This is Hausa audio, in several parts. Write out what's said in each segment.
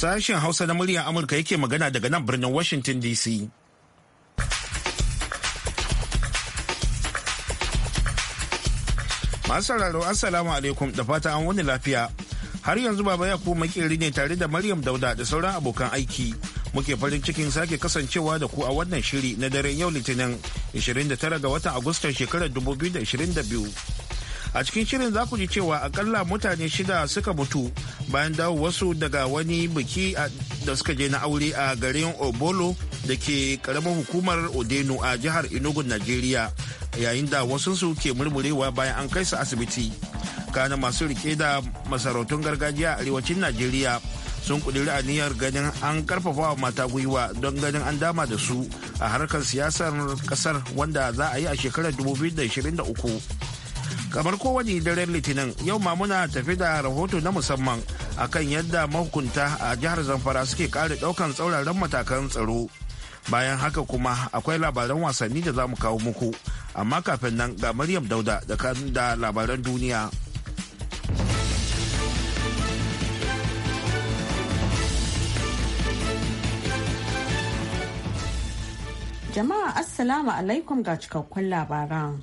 Sashen Hausa na muryar Amurka yake magana daga nan birnin Washington DC. Masu sauraro Assalamu alaikum da fata an wani lafiya. Har yanzu baba ya kuma makeri ne tare da Maryam Dauda da sauran abokan aiki. Muke farin cikin sake kasancewa da ku a wannan shiri na daren yau Litinin 29 ga watan Agustan shekarar 2022. a cikin shirin za ku ji cewa akalla mutane shida suka mutu bayan dawo wasu daga wani biki da suka je na aure a garin obolo da ke karamar hukumar odeno a jihar enugu nigeria yayin da su ke murmurewa bayan an kai su asibiti kana masu rike da masarautun gargajiya a arewacin nigeria sun kudiri aniyar ganin an karfafa wa mata gwiwa don ganin an dama da su a harkar siyasar kasar wanda za a yi a shekarar 2023 kamar kowane daren litinin yau ma muna tafi da rahoto na musamman akan yadda mahukunta a jihar zamfara suke kare daukan tsauraran matakan tsaro bayan haka kuma akwai labaran wasanni da za mu kawo muku amma kafin nan ga maryam dauda da labaran duniya jama'a assalamu alaikum ga cikakkun labaran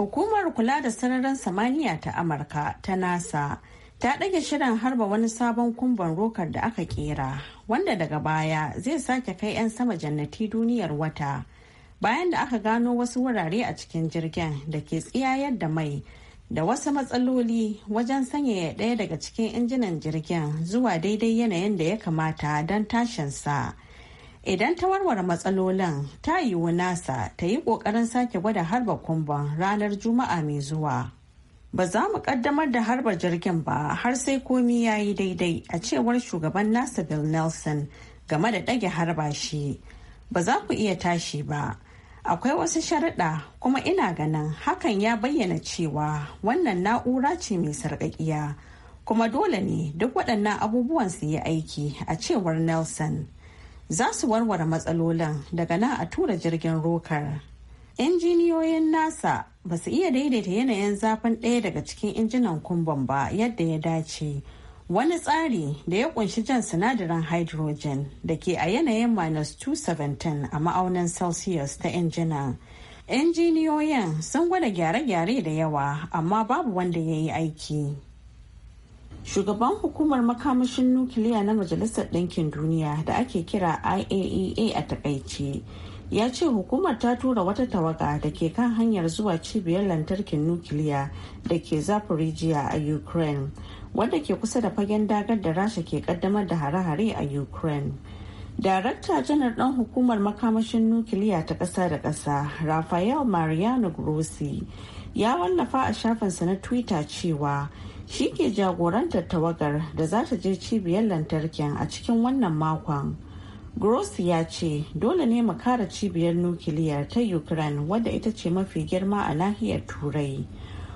Hukumar kula da sararin samaniya ta Amurka ta NASA ta ɗage shirin harba wani sabon kumban rokar da aka kera wanda daga baya zai sake kai 'yan sama jannati duniyar wata bayan da aka gano wasu wurare a cikin jirgin da ke tsiyayar da mai da wasu matsaloli wajen sanyaya ɗaya daga cikin injinan jirgin zuwa daidai yanayin da ya kamata don tashinsa. sa. Idan ta warware matsalolin ta yiwu nasa ta yi ƙoƙarin sake gwada harba kumban ranar Juma'a mai zuwa. Ba za mu ƙaddamar da harba jirgin ba har sai komi ya yi daidai a cewar shugaban nasa Bill Nelson game da ɗage harba shi. Ba za ku iya tashi ba. akwai wasu sharaɗa kuma ina ganin hakan ya bayyana cewa wannan na'ura ce mai sarƙaƙiya kuma dole ne duk waɗannan abubuwan su yi aiki a cewar nelson za su warware matsalolin daga nan a tura jirgin rokar injiniyoyin nasa ba su iya daidaita yanayin zafin ɗaya daga cikin injinan kumban ba yadda ya dace wani tsari da ya kunshi jan sinadarin hydrogen da ke a yanayin minus 217 a ma'aunin celsius ta injinan injiniyoyin sun gwada gyare-gyare da yawa amma babu wanda ya yi aiki shugaban hukumar makamashin nukiliya na majalisar ɗinkin duniya da ake kira iaea a e takaice ya ce hukumar ta tura wata tawaga da ke kan hanyar zuwa cibiyar lantarkin nukiliya da ke zaporijiya a ukraine wadda ke kusa da fagen dagar da rasha ke kaddamar da hare-hare a ukraine darakta janar ɗan hukumar makamashin nukiliya ta ƙasa da ƙasa rafael mariano grossi ya wallafa a shafinsa na twitter cewa shi ke jagorantar tawagar da za ta je cibiyar lantarkin a cikin wannan makon gross ya ce dole ne mu kare cibiyar nukiliyar ta ukraine wadda ita ce mafi girma a nahiyar turai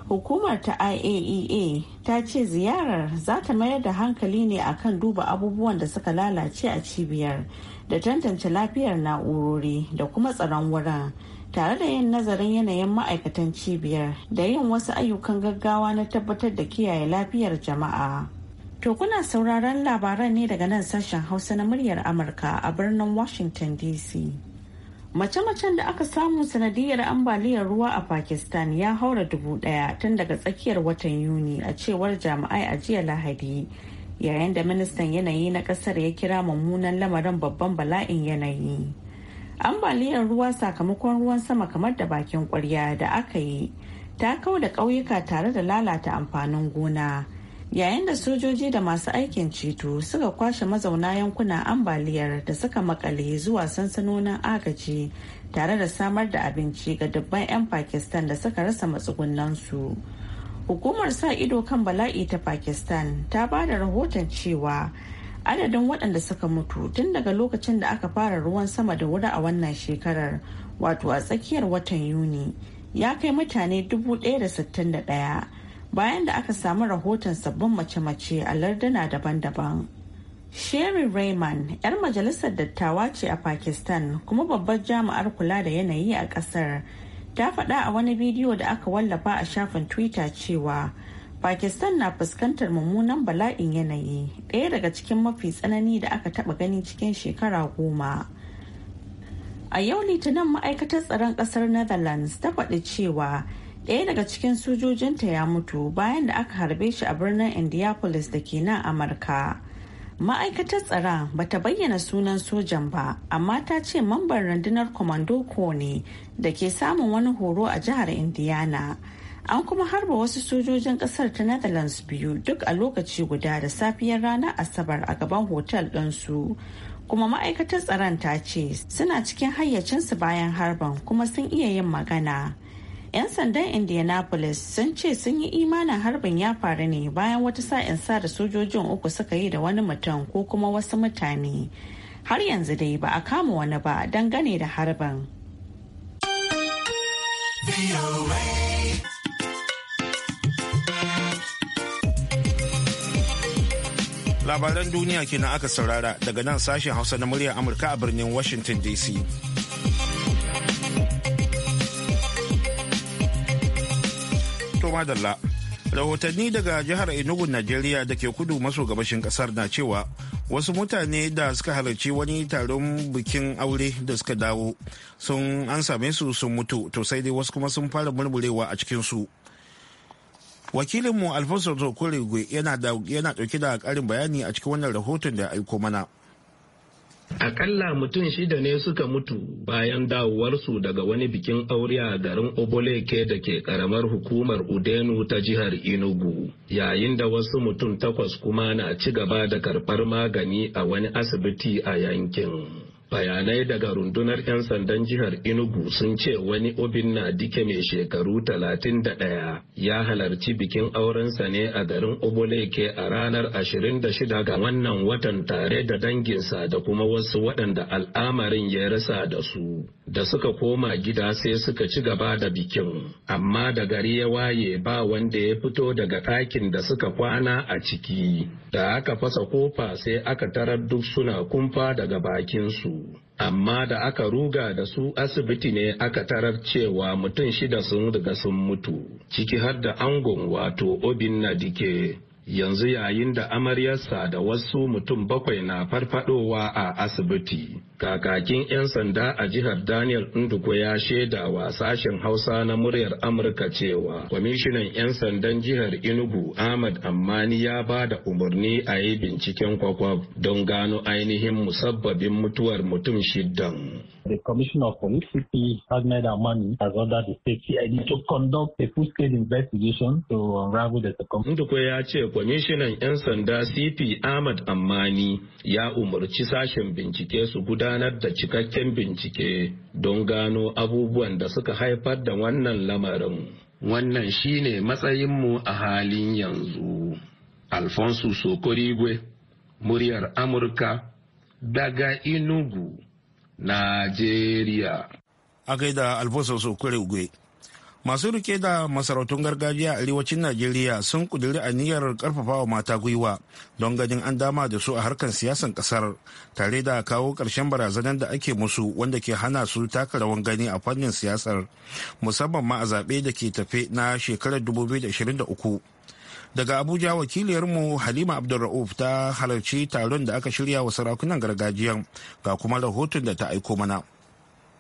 hukumar ta iaea e ta ce ziyarar za ta mayar da hankali ne a kan duba abubuwan da suka lalace a cibiyar da tantance lafiyar na'urori da kuma tsaron wurin tare da yin nazarin yanayin ma'aikatan cibiyar da yin wasu ayyukan gaggawa na tabbatar da kiyaye lafiyar jama'a. To kuna sauraron labaran ne daga nan sashen Hausa na muryar Amurka a birnin Washington DC. Mace-macen da aka samu sanadiyar ambaliyar ruwa a Pakistan ya haura dubu daya tun daga tsakiyar watan Yuni a cewar jami'ai a jiya Lahadi. Yayin da ministan yanayi na ƙasar ya kira mummunan lamarin babban bala'in yanayi. ambaliyar ruwa sakamakon ruwan sama kamar da bakin kwarya da aka yi ta kau da ƙauyuka tare da lalata amfanin gona yayin da sojoji da masu aikin ceto suka kwashe mazauna yankunan ambaliyar da suka makale zuwa sansanonin agaji tare da samar da abinci ga dubban 'yan pakistan da suka rasa matsugunansu hukumar sa ido kan bala'i ta pakistan ta ba da rahoton cewa adadin waɗanda suka mutu tun daga lokacin da aka fara ruwan sama da wuri a wannan shekarar wato a tsakiyar watan yuni ya kai mutane 161 bayan da aka samu rahoton sabbin mace-mace a larduna daban-daban sherry rayman 'yar majalisar dattawa ce a pakistan kuma babbar jami'ar kula da yanayi a kasar ta faɗa a wani bidiyo da aka wallafa a shafin twitter cewa Pakistan na fuskantar mummunan bala'in yanayi ɗaya daga cikin mafi tsanani da aka taɓa gani cikin shekara goma. A yau litinin ma'aikatar tsaron ƙasar Netherlands ta faɗi cewa ɗaya daga cikin sojojinta ya mutu bayan da aka harbe shi a birnin Indianapolis da ke nan Amurka. Ma'aikatar tsaron bata bayyana sunan sojan ba, amma ta ce mamban rundunar ko ne da ke samun wani horo a jihar Indiana. an kuma harba wasu sojojin kasar ta netherlands biyu duk a lokaci guda da safiyar ranar asabar a gaban hotel ɗansu kuma ma'aikatar tsaron ta ce suna cikin hayyacinsu bayan harban kuma sun iya yin magana 'yan sandan indianapolis sun ce sun yi imanin harbin ya faru ne bayan wata sa'in sa da sojojin uku suka yi da wani mutum ko kuma wasu mutane har yanzu dai ba a kama wani ba dangane da harbin. labaran duniya kenan aka saurara daga nan sashen hausa na muryar amurka a birnin washington dc madalla rahotanni daga jihar enugu najeriya da ke kudu maso gabashin kasar na cewa wasu mutane da suka halarci wani taron bikin aure da suka dawo sun an same su sun mutu to sai dai wasu kuma sun fara murmurewa a cikinsu. wakilinmu alfonso zokoregwe yana dauke da karin bayani a cikin wannan rahoton da aiko mana Akalla mutum shida ne suka mutu bayan dawowarsu daga wani bikin aure a garin Oboleke da ke karamar hukumar Udenu ta jihar inugu yayin da wasu mutum takwas kuma na ci gaba da karɓar magani a wani asibiti a yankin. bayanai daga rundunar 'yan sandan jihar inugu sun ce wani obin na dike mai shekaru 31 ya halarci bikin aurensa ne a garin oboleke a ranar 26 ga wannan watan tare da danginsa da kuma wasu waɗanda al'amarin ya rasa da su da suka koma gida sai suka ci gaba da bikin amma da gari ya waye ba wanda ya fito daga ɗakin da suka kwana a ciki da aka fasa kofa sai aka tarar duk suna kumfa daga bakinsu amma da aka ruga da su asibiti ne aka tarar cewa mutum shida sun riga sun mutu ciki har da angon wato obin na dike yanzu yayin da amaryarsa da wasu mutum bakwai na farfadowa a asibiti. Kakakin 'yan sanda a jihar Daniel Nduku ya shaida wa sashen Hausa na muryar Amurka cewa kwamishinan 'yan sandan jihar Enugu Ahmad Ammani ya ba da umarni a yi binciken kwakwaf don gano ainihin musabbabin mutuwar mutum shiddan. The Commission of Police, CP, Ahmed Amani, has ordered the state CID to conduct a full-scale investigation to unravel the circumstances. ya ce kwamishinan 'yan sanda CP Ahmad Amani ya umarci sashen bincike su gudanar da cikakken bincike don gano abubuwan da suka haifar da wannan lamarin. Wannan shine matsayinmu a halin yanzu. Alfonso Sokorigwe, muryar Amurka, daga Inugu. Najeriya. A gaida Alfonso Sokore Ugwe. Masu rike da masarautun gargajiya a arewacin Najeriya sun kuduri aniyar wa mata gwiwa don ganin an dama da su a harkar siyasan kasar tare da kawo ƙarshen barazanar da ake musu wanda ke hana su taka rawan gani a fannin siyasar musamman ma a zaɓe da ke tafe na shekarar 2023. daga abuja wakiliyarmu halima abdulra'uf ta halarci taron da aka shirya wa sarakunan gargajiyan ga kuma rahoton da ta aiko mana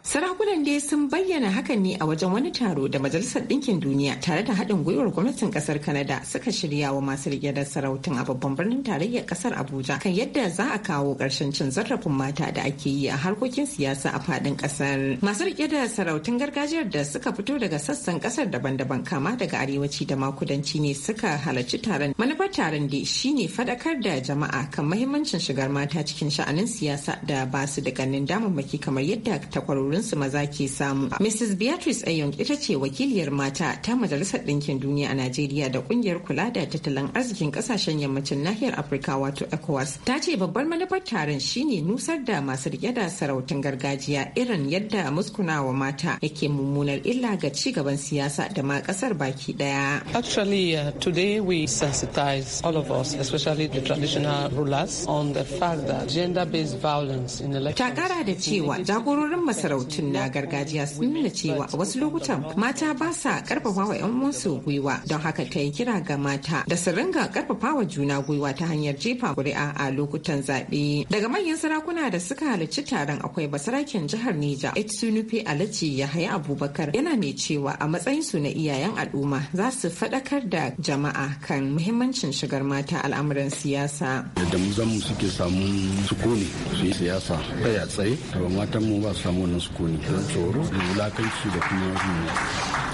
Sarakunan dai sun bayyana hakan ne a wajen wani taro da Majalisar Ɗinkin Duniya tare da haɗin gwiwar gwamnatin ƙasar Kanada suka shirya wa masu rike da sarautun a babban birnin tarayyar ƙasar Abuja kan yadda za a kawo ƙarshen cin zarafin mata da ake yi a harkokin siyasa a faɗin ƙasar. Masu rike da sarautun gargajiyar da suka fito daga sassan ƙasar daban-daban kama daga arewaci da makudanci ne suka halarci taron. Manufar taron dai shine faɗakar da jama'a kan mahimmancin shigar mata cikin sha'anin siyasa da ba su da ganin damammaki kamar yadda takwarorin su maza ke samu. Mrs. Beatrice Ayon ita ce wakiliyar mata ta Majalisar Ɗinkin Duniya a Najeriya da kungiyar kula da tattalin arzikin kasashen yammacin nahiyar Afirka wato ECOWAS. Ta ce babbar manufar taron shine nusar da masu rike da sarautun gargajiya irin yadda muskunawa mata yake mummunar illa ga ci gaban siyasa da ma kasar baki daya. Actually uh, today we sensitize all of us especially the traditional rulers on the fact that gender-based violence in elections. Ta kara da cewa jagororin masarautu masarautun na gargajiya sun nuna cewa a wasu lokutan mata ba sa karfafa wa 'yan uwansu gwiwa don haka ta yi kira ga mata da su ringa karfafa wa juna gwiwa ta hanyar jefa kuri'a a lokutan zaɓe. Daga manyan sarakuna da suka halarci taron akwai basaraken jihar Neja Etsunufe Alhaji Yahaya Abubakar yana mai cewa a matsayin su na iyayen al'umma za su faɗakar da jama'a kan muhimmancin shigar mata al'amuran siyasa. da mu suke samu sukuni su yi siyasa ta ya tsaye, matan mu ba su samu wannan sukuni don tsoro wulakanci da kuma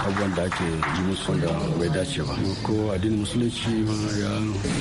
abubuwan da ake yi musu da bai dace ba ko addinin musulunci ya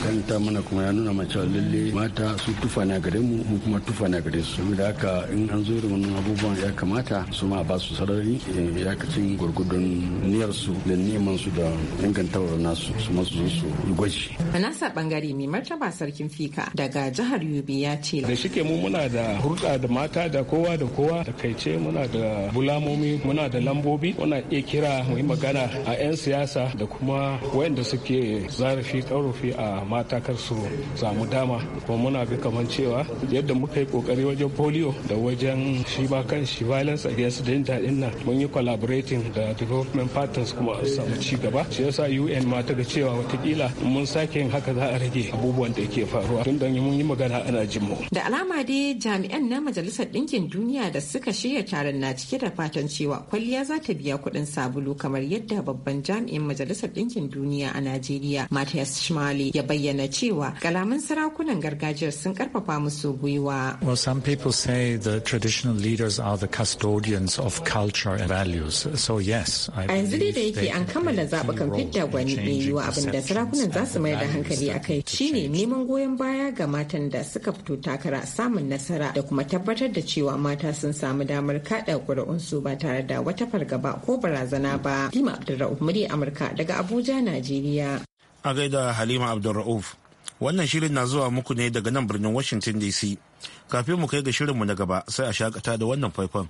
kanta mana kuma ya nuna mace lalle mata su tufa na gare mu mu kuma tufa na gare su saboda haka in an zo da wannan abubuwan ya kamata su ma ba su sarari eh, kacin gurgudun niyyar su da neman su da ingantawar nasu su masu zo su gwaji a nasa bangare mai martaba sarkin fika daga jihar yobe ya ce da shike mu muna da hulɗa da mata da kowa da kowa da kaice mu muna da bulamomi muna da lambobi muna iya kira muyi magana a 'yan siyasa da kuma wayanda suke zarafi karofi a mata su samu dama kuma muna bi kamar cewa yadda muka yi kokari wajen polio da wajen shi ba kan shi violence against gender din nan mun yi collaborating da development partners kuma a samu ci gaba shi yasa UN ma ta ga cewa watakila mun sake yin haka za a rage abubuwan da ke faruwa tun da mun yi magana ana jin da alama dai jami'an na majalisar ɗinkin duniya da suka shirya taron na cike da fatan cewa kwalliya za ta biya kuɗin sabulu kamar yadda babban jami'in Majalisar Ɗinkin Duniya a Najeriya Matthias schmali ya bayyana cewa kalaman sarakunan gargajiyar sun karfafa musu gwiwa. Well, some people say the traditional leaders are the custodians of culture and values. So yes, A yanzu dai da yake an kammala kan fidda gwani mai yiwuwa abin da sarakunan za su mayar da hankali a kai shine neman goyon baya ga matan da suka fito takara samun nasara da kuma tabbatar da cewa mata sun samu damar damar kada su ba tare da wata fargaba ko barazana ba. Halima Abdulra'uf murya Amurka daga Abuja, Najeriya. A gaida Halima Abdulra'uf. Wannan shirin na zuwa muku ne daga nan birnin Washington DC. Kafin mu kai ga shirinmu na gaba sai a shakata da wannan faifan.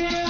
Yeah.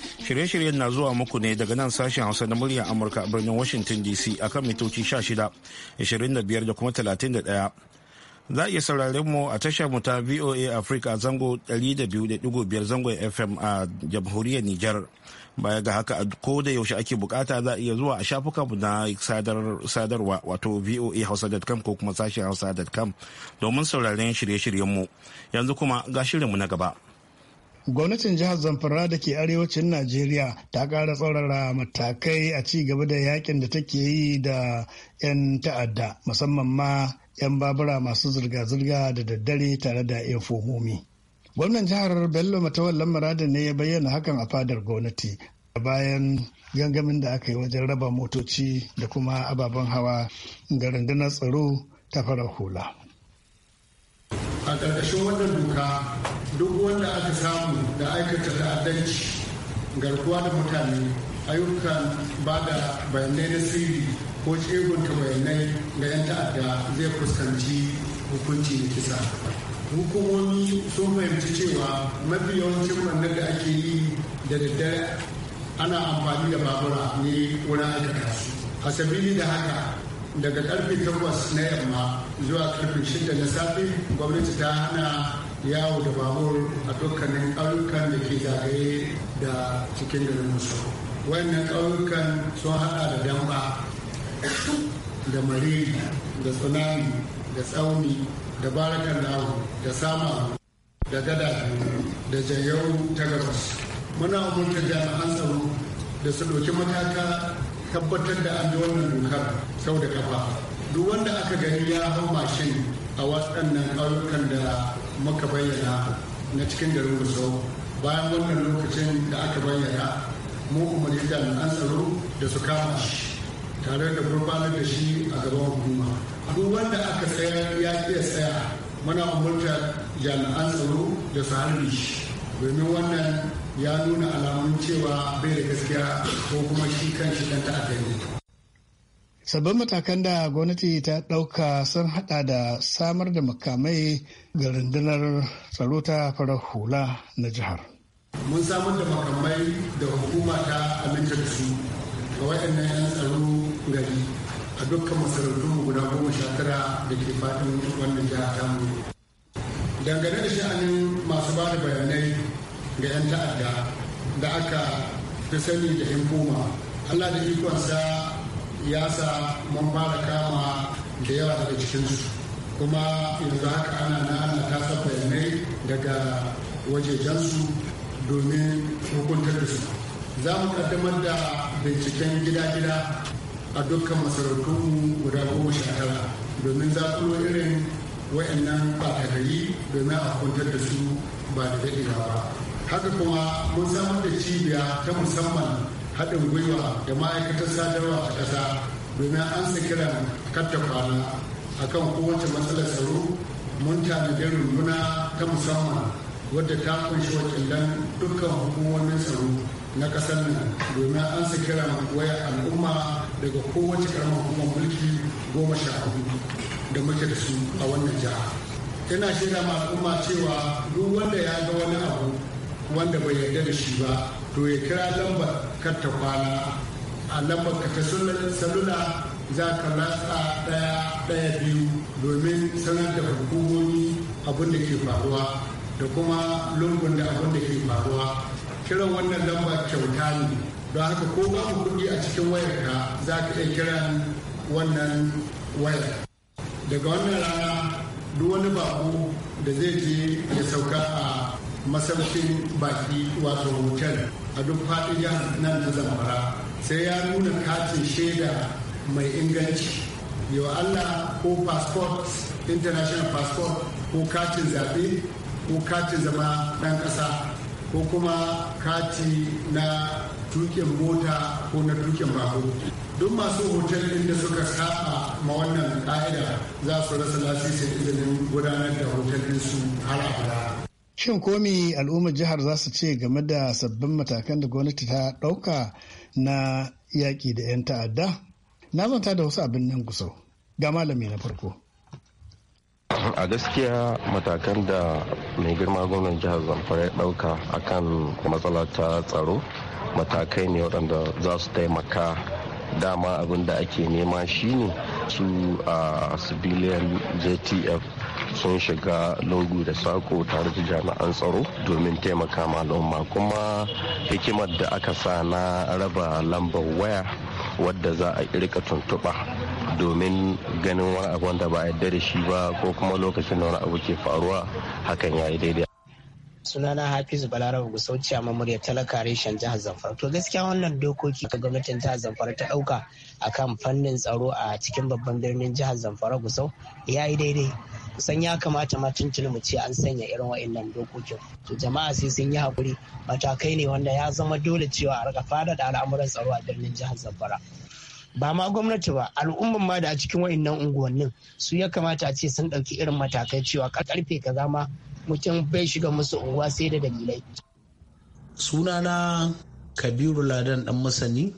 Shirye-shiryen na zuwa muku ne daga nan sashen Hausa na murya Amurka a birnin Washington DC a kan mitoci 16, 25 da kuma 31. Za a iya sauraren mu a tashar mu ta VOA Africa zango 200.5 zangon FM a jamhuriyar Nijar. Baya ga haka a ko da yaushe ake bukata za a iya zuwa a shafukanmu na sadarwa wato voa hausa.com ko kuma sashen hausa.com domin sauraren shirye-shiryen mu. Yanzu kuma ga shirinmu na gaba. gwamnatin jihar zamfara da ke arewacin najeriya ta ƙara tsaurara matakai a ci gaba da yakin da take yi da 'yan ta'adda musamman ma 'yan babura masu zirga-zirga da daddare tare da 'yan fuhumi. gwamnan jihar bello matawallan muradin ne ya bayyana hakan a fadar gwamnati bayan gangamin da aka yi wajen raba motoci da kuma ababen hawa ga rundunar tsaro ta fara hula a ƙarƙashin wannan doka duk wanda aka samu da aikata ta'addanci garkuwa da mutane ayyukan ba da bayanai na sirri ko tsegunta bayanai ga 'yan ta'adda zai fuskanci hukunci da kisa hukumomi sun fahimci cewa mafi yawancin wannan da ake yi da daddare ana amfani da babura ne wurin aikata su a sabili da haka daga karfe 8 na yamma zuwa karfe shida na safe gwamnati ta hana yawo da babur a dukkanin ƙauyukan da ke zagaye da cikin garin musu wannan ƙauyukan sun haɗa da damba da mariri da tsunami da tsauni da barakan lahu da sama da gada da jayau ta gabas muna umarta jami'an tsaro da su ɗauki matata tabbatar da an wannan dokar sau da kafa duk wanda aka gani ya hau mashin a waɗannan ƙauyukan da muka bayyana na cikin garin gusau bayan wannan lokacin da aka bayyana mu umarni da an tsaro da su kama shi tare da gurbanar da shi a gaban hukuma duk wanda aka tsayar ya iya tsaya muna umarta jami'an tsaro da su harbi shi domin wannan ya nuna alamun cewa bai da gaskiya ko kuma shi kan shi dan ta'adda sabbin matakan da gwamnati ta ɗauka sun haɗa da samar da makamai ga rundunar tsaro ta farar hula na jihar mun samar da makamai da hukuma ta aminta da su ga waɗannan 'yan tsaro gari a dukkan masarautunmu guda goma sha tara da ke faɗin wannan jihar tamu dangane da sha'anin masu ba da bayanai ga 'yan ta'adda da aka fi sani da 'yan koma allah da ikonsa ya mun ba kama da yawa daga cikinsu kuma yanzu haka ana na ana tasa bayanai daga wajejensu domin hukuntar da su za mu kaddamar da binciken gida-gida a dukkan masarautunmu guda goma sha tara domin zakulo irin wa'annan ɓatagari domin a hukuntar da su ba da daɗewa ba haka kuma mun samar da cibiya ta musamman haɗin gwiwa da ma'aikatar sadarwa a ƙasa domin an su kiran katta kwana kan kowace matsalar tsaro mun tanadi runduna ta musamman wadda ta kunshi wakilan dukkan hukumomin tsaro na ƙasar nan domin an su kiran waya al'umma daga kowace karamar hukumar mulki goma sha hudu da muke da su a wannan jiha ina shaida ma al'umma cewa duk wanda ya ga wani abu wanda bai yarda da shi ba to ya kira lambar Karta kwana a lambar ka ta salula za ka latsa ɗaya ɗaya biyu domin sanar da hukumomi abin da ke faruwa da kuma lungun da abin da ke faruwa kiran wannan lamba kyauta ne don haka ko ba babu kuɗi a cikin wayarka za ka iya kiran wannan wayar daga wannan rana duk wani babu da zai je ya sauka a masaukin baki wato hotel a duk faɗin nan ta zamfara sai ya nuna katin shaida mai inganci yau allah ko passport international passport ko katin zaɓe ko katin zama ɗan ƙasa ko kuma kati na tukin mota ko na tukin babur duk masu hotel ɗin da suka saba ma wannan ƙa'ida za su rasa lasisin izinin gudanar da hotel ɗinsu har abada Shin komi al'ummar jihar za su ce game da sabbin matakan da gwamnati ta ɗauka na yaƙi da 'yan ta'adda? Na zanta da wasu abin nan kusau. Ga malami na farko. a gaskiya matakan da mai girma gwamnan jihar zamfara ya ɗauka akan matsala ta tsaro matakai ne waɗanda za su taimaka dama abin da ake nema shine su a civilian jtf sun shiga lungu da sako tare da jami'an tsaro domin taimaka ma al'umma kuma hikimar da aka sa na raba lambar waya wadda za a rika tuntuɓa domin ganin wani abu wanda ba yarda da shi ba ko kuma lokacin da wani abu ke faruwa hakan ya yi daidai sunana hafizu balarabu gusauci a murya talaka reshen jihar zamfara to gaskiya wannan dokoki ga gwamnatin jihar zamfara ta dauka akan fannin tsaro a cikin babban birnin jihar zamfara gusau ya yi daidai kusan ya kamata ma tuntuni mu ce an sanya irin wa'annan dokokin to jama'a sai sun yi hakuri matakai ne wanda ya zama dole cewa a rika fara da al'amuran tsaro a birnin jihar zamfara ba ma gwamnati ba al'umman ma da a cikin wa'annan unguwannin su ya kamata a ce sun ɗauki irin matakai cewa karfe ka ma mutum bai shiga musu unguwa sai da dalilai sunana kabiru ladan dan masani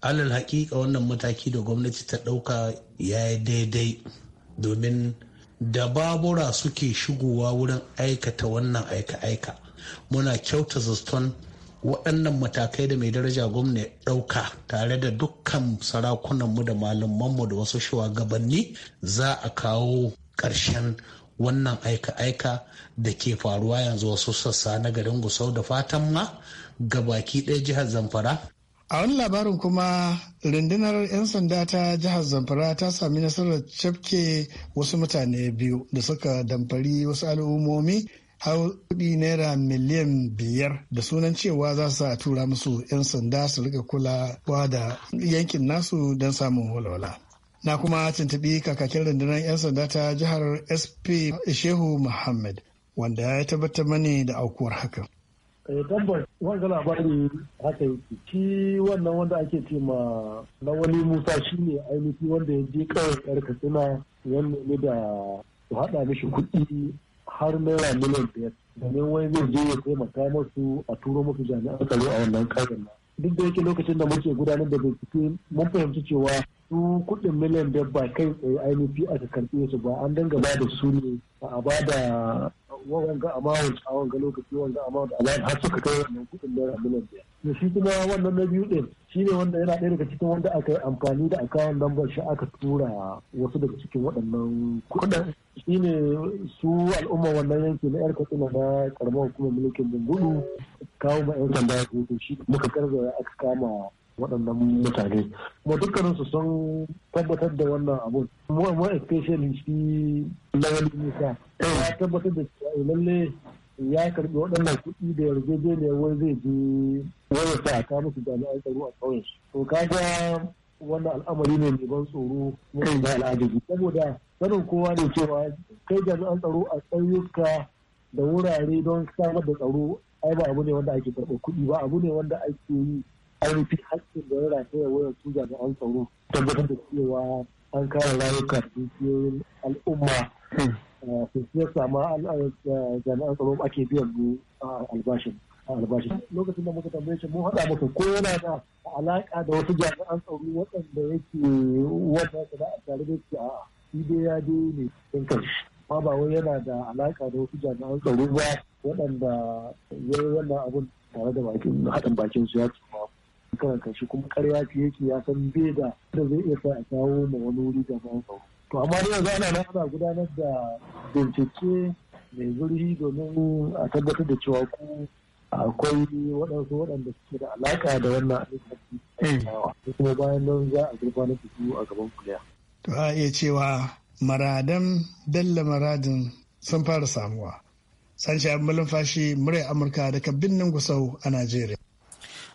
alal hakika wannan mataki da gwamnati ta ɗauka ya daidai domin da babura suke shigowa wurin aikata wannan aika-aika muna kyauta zaston waɗannan matakai da mai daraja gwamna ɗauka tare da dukkan sarakunanmu da malamanmu da wasu shugabanni za a kawo ƙarshen wannan aika-aika da ke faruwa yanzu wasu sassa na garin gusau da fatan ma ga baki ɗaya jihar zamfara A wani labarin kuma rundunar 'yan sanda ta jihar Zamfara ta sami nasarar cafke wasu mutane biyu da suka damfari wasu al'ummomi har kuɗi naira miliyan biyar da sunan cewa za su tura musu 'yan sanda su rika kulawa da yankin nasu don samun walwala. Na kuma tuntuɓi kakakin rundunar 'yan sanda ta jihar SP Shehu Muhammad wanda ya tabbatar mani da aukuwar hakan. Eh, tabbas wanga labari haka yake shi wannan wanda ake ce ma na wani musa shi ne ainihi wanda ya je kawai yar katsina wanda ne da su haɗa mishi kuɗi har naira miliyan biyar domin wani zai je ya taimaka masu a turo musu jami'an tsaro a wannan kayan duk da yake lokacin da muke gudanar da bincike mun fahimci cewa su kuɗin miliyan biyar ba kai tsaye ainihi aka karɓe su ba an danga ba da su ne ba a ba da wanga amount a wanga lokaci wanga amount a bayan har suka kai wannan kuɗin naira miliyan biyar da shi kuma wannan na biyu ɗin shi ne wanda yana ɗaya daga cikin wanda aka yi amfani da akawun lambar shi aka tura wasu daga cikin waɗannan kuɗin shi ne su al'umma wannan yanki na yar katsina na karamar hukumar mulkin bungudu kawo ma yan sanda shi muka karzaya aka kama waɗannan mutane kuma dukkanin su sun tabbatar da wannan abun more more especially shi lawal nisa. ya tabbatar da cewa eh, lalle ya karɓi waɗannan kuɗi da yarjejeniyar wai zai je wani sa ka musu jami'an tsaro a ƙauyen to kaga wannan al'amari ne mai ban tsoro mai da al'ajabi saboda sanin kowa ne cewa kai jami'an tsaro a ƙauyuka da wurare don samar da tsaro ai ba abu ne wanda ake karɓar kuɗi ba abu ne wanda ake yi an fi haƙƙin da ya ya wayar su jami'an tsaro tabbatar da cewa an kare rayuka dukiyoyin al'umma su eh, siya sama eh, jami'an tsaro ake biyan mu albashin albashin lokacin da muka tambaye shi mun haɗa masa ko yana da alaƙa da wasu jami'an tsaro waɗanda yake wata da a tare da shi a shi ya je ne in kanshi ma ba wai yana da alaƙa da wasu jami'an tsaro ba waɗanda ya yi wannan abun tare da haɗin bakin su ya ma kan kashi kuma karya ce yake ya san bai da da zai iya sa a kawo ma wani wuri da ban tsaro to amma dai yanzu ana nan ana gudanar da bincike mai zurfi domin a tabbatar da cewa ku akwai waɗansu waɗanda suke da alaƙa da wannan alifati kuma bayan nan za a gurfanar da su a gaban kuliya. to a iya cewa maradan dalla maradin sun fara samuwa sanshi abin malumfashi murai amurka daga binnin gusau a najeriya.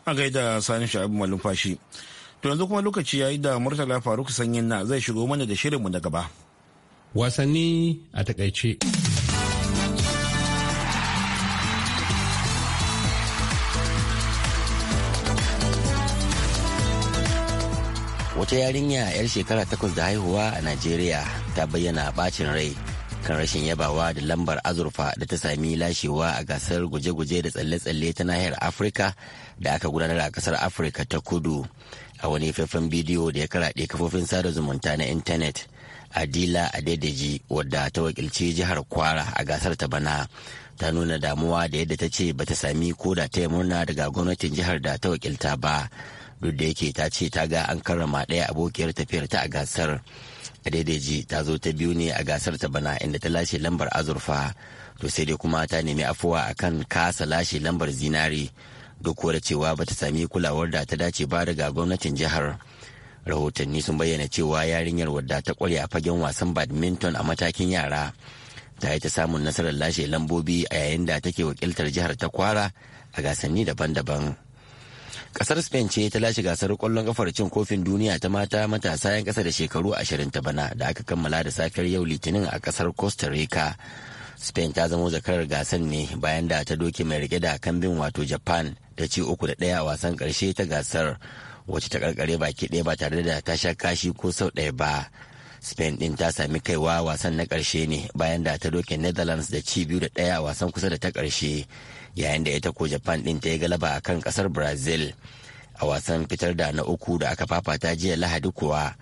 a gaida sani sha'abu malumfashi to yanzu kuma lokaci ya yi da murtala faruk sanyin na zai shigo mana da shirinmu na gaba wasanni a takaice wata yarinya 'yar shekara takwas da haihuwa a najeriya ta bayyana bacin rai kan rashin yabawa da lambar azurfa da ta sami lashewa a gasar guje-guje da tsalle-tsalle ta nahiyar afirka da aka gudanar a kasar afirka ta kudu a wani faifan bidiyo da ya karaɗe kafofin sada zumunta na intanet adila adedeji wadda ta wakilci jihar kwara a gasar ta bana ta nuna damuwa da yadda ta ce ba ta sami ko da ta murna daga gwamnatin jihar da ta wakilta ba duk da yake ta ce ta ga an karrama ɗaya abokiyar tafiyar ta a gasar daidai ji ta zo ta biyu ne a gasar ta bana inda ta lashe lambar azurfa to sai dai kuma ta nemi afuwa akan kasa lashe lambar zinari duk da cewa bata sami kulawar da ta dace ba daga gwamnatin jihar. Rahotanni sun bayyana cewa yarinyar wadda ta kware a fagen wasan badminton a matakin yara ta yi ta samun nasarar lashe lambobi a yayin da take wakiltar jihar ta kwara a gasanni daban-daban. Kasar Spain ce ta lashe gasar kwallon kafar cin kofin duniya ta mata matasa 'yan kasa da shekaru 20 ta bana da aka kammala da safiyar yau Litinin a kasar Costa Rica. Spain ta zamo zakarar gasar ne bayan da ta doke mai rike da kambin wato Japan da ci uku da daya a wasan karshe ta gasar wacce ta karkare baki daya ba tare da ta sha kashi ko sau daya ba. spain din ta sami kaiwa wasan na karshe ne bayan da ta doke netherlands da ci biyu da daya a wasan kusa da ta karshe yayin da ita ko japan din ta yi galaba a kan kasar brazil a wasan fitar da na uku da aka fafata jiya lahadi kuwa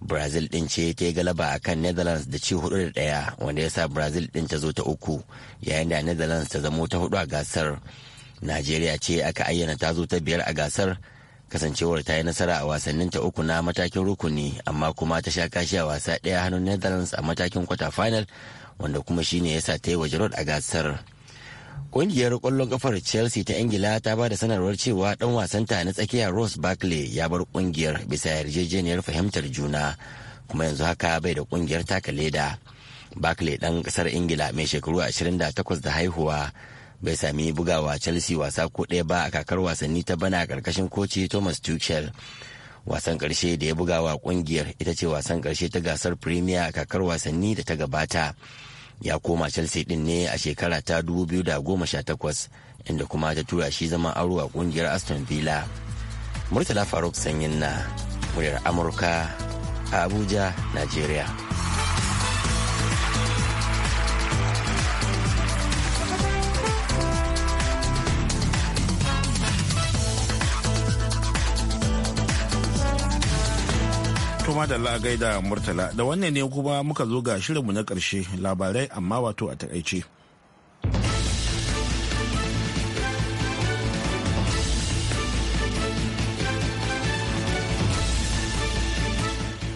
brazil din ce ta yi galaba a kan netherlands da ci hudu da daya wanda ya sa brazil din ta zo ta uku yayin da netherlands ta zamo ta hudu a gasar najeriya ce aka ayyana ta zo ta biyar a gasar kasancewar ta yi nasara a wasannin ta uku na matakin rukuni amma kuma ta sha kashi a wasa ɗaya hannun netherlands a matakin kwata final wanda kuma shine ya sa ta yi waje rod a gasar Ƙungiyar kwallon kafar Chelsea ta Ingila ta ba da sanarwar cewa ɗan ta na tsakiya Ross Barkley ya bar ƙungiyar bisa yarjejeniyar fahimtar juna kuma yanzu haka bai da ƙungiyar taka leda. Barkley dan ƙasar Ingila mai shekaru 28 da haihuwa bai sami bugawa chelsea wasa ko ɗaya ba a kakar wasanni ta bana a ƙarƙashin koci thomas tuchel wasan ƙarshe da ya bugawa ƙungiyar ita ce wasan ƙarshe ta gasar premier a kakar wasanni da ta gabata ya koma chelsea din ne a shekara ta 2018 inda kuma ta tura shi zama aro a ƙungiyar aston villa murtala faruk sanyin na muryar amurka a abuja nigeria To da Murtala da wannan ne kuma muka zo ga shirinmu na ƙarshe labarai amma wato a takaice.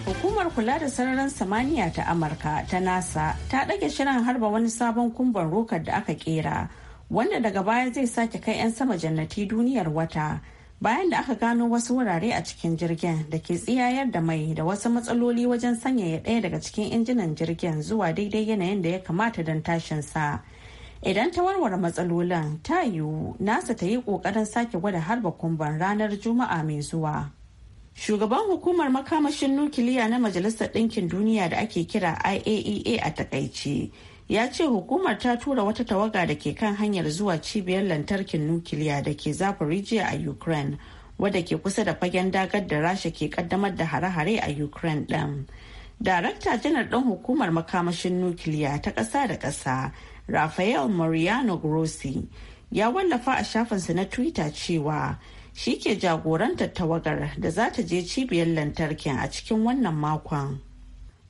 hukumar kula da sararin samaniya ta amurka ta nasa ta ɗage shirin harba wani sabon kumban rokar da aka kera wanda daga baya zai sake kai 'yan sama jannati duniyar wata bayan da aka gano wasu wurare a cikin jirgin da ke tsiyayar da mai da wasu matsaloli wajen sanyaya ɗaya daga cikin injinan jirgin zuwa daidai yanayin da ya kamata don tashinsa idan ta warware matsalolin ta yiwu nasa ta yi ƙoƙarin sake gwada harba kumban ranar juma'a mai zuwa shugaban hukumar makamashin nukiliya na majalisar ɗinkin duniya da ake kira iaea e a takaice ya ce hukumar ta tura wata tawaga da ke kan hanyar zuwa cibiyar lantarkin nukiliya da ke zaporijiya a ukraine wadda ke kusa da fagen dagar da rasha ke kaddamar da hare-hare a ukraine ɗin darakta janar ɗin hukumar makamashin nukiliya ta ƙasa da ƙasa rafael mariano grossi ya wallafa a shafinsa na twitter cewa shi ke jagorantar tawagar da za ta je cibiyar lantarkin a cikin wannan makon.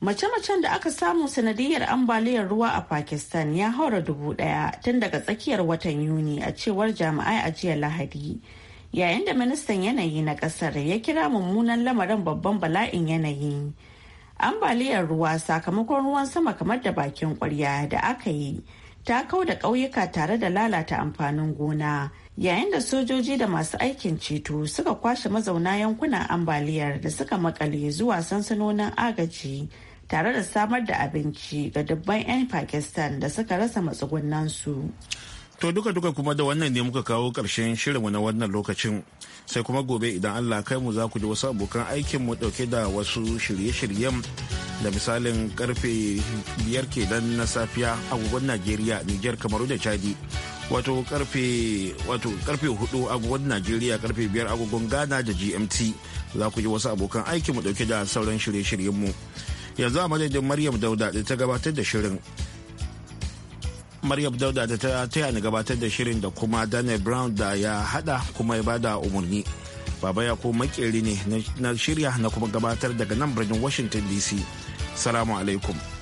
Mace-macen da aka samu sanadiyar ambaliyar ruwa a Pakistan ya haura dubu daya tun daga tsakiyar watan Yuni a cewar jami'ai a jiya Lahadi. Yayin da ministan yanayi na kasar ya kira mummunan lamarin babban bala'in yanayi. Ambaliyar ruwa sakamakon ruwan sama kamar da bakin kwarya da aka yi ta kau da ƙauyuka tare da lalata amfanin gona. Yayin da sojoji da masu aikin ceto suka kwashe mazauna yankunan ambaliyar da suka makale zuwa sansanonin agaji. tare da samar da abinci ga dubban 'yan pakistan da suka rasa su. to duka duka kuma da wannan ne muka kawo ƙarshen shirinmu na wannan lokacin sai kuma gobe idan allah kai mu za ku ji wasu abokan aikin mu dauke da wasu shirye-shiryen da misalin karfe biyar dan na safiya agogon najeriya niger kamaru da chadi wato karfe wato karfe hudu agogon najeriya karfe biyar agogon ghana da gmt za ku ji wasu abokan aikin mu dauke da sauran shirye-shiryen mu yanzu a madadin maryam dauda da ta gabatar da shirin maryam dauda da ta taya ni gabatar da shirin da kuma daniel brown da ya hada kuma ya bada umarni baba ya ko makeri ne na shirya na kuma gabatar daga nan birnin washington dc salamu alaikum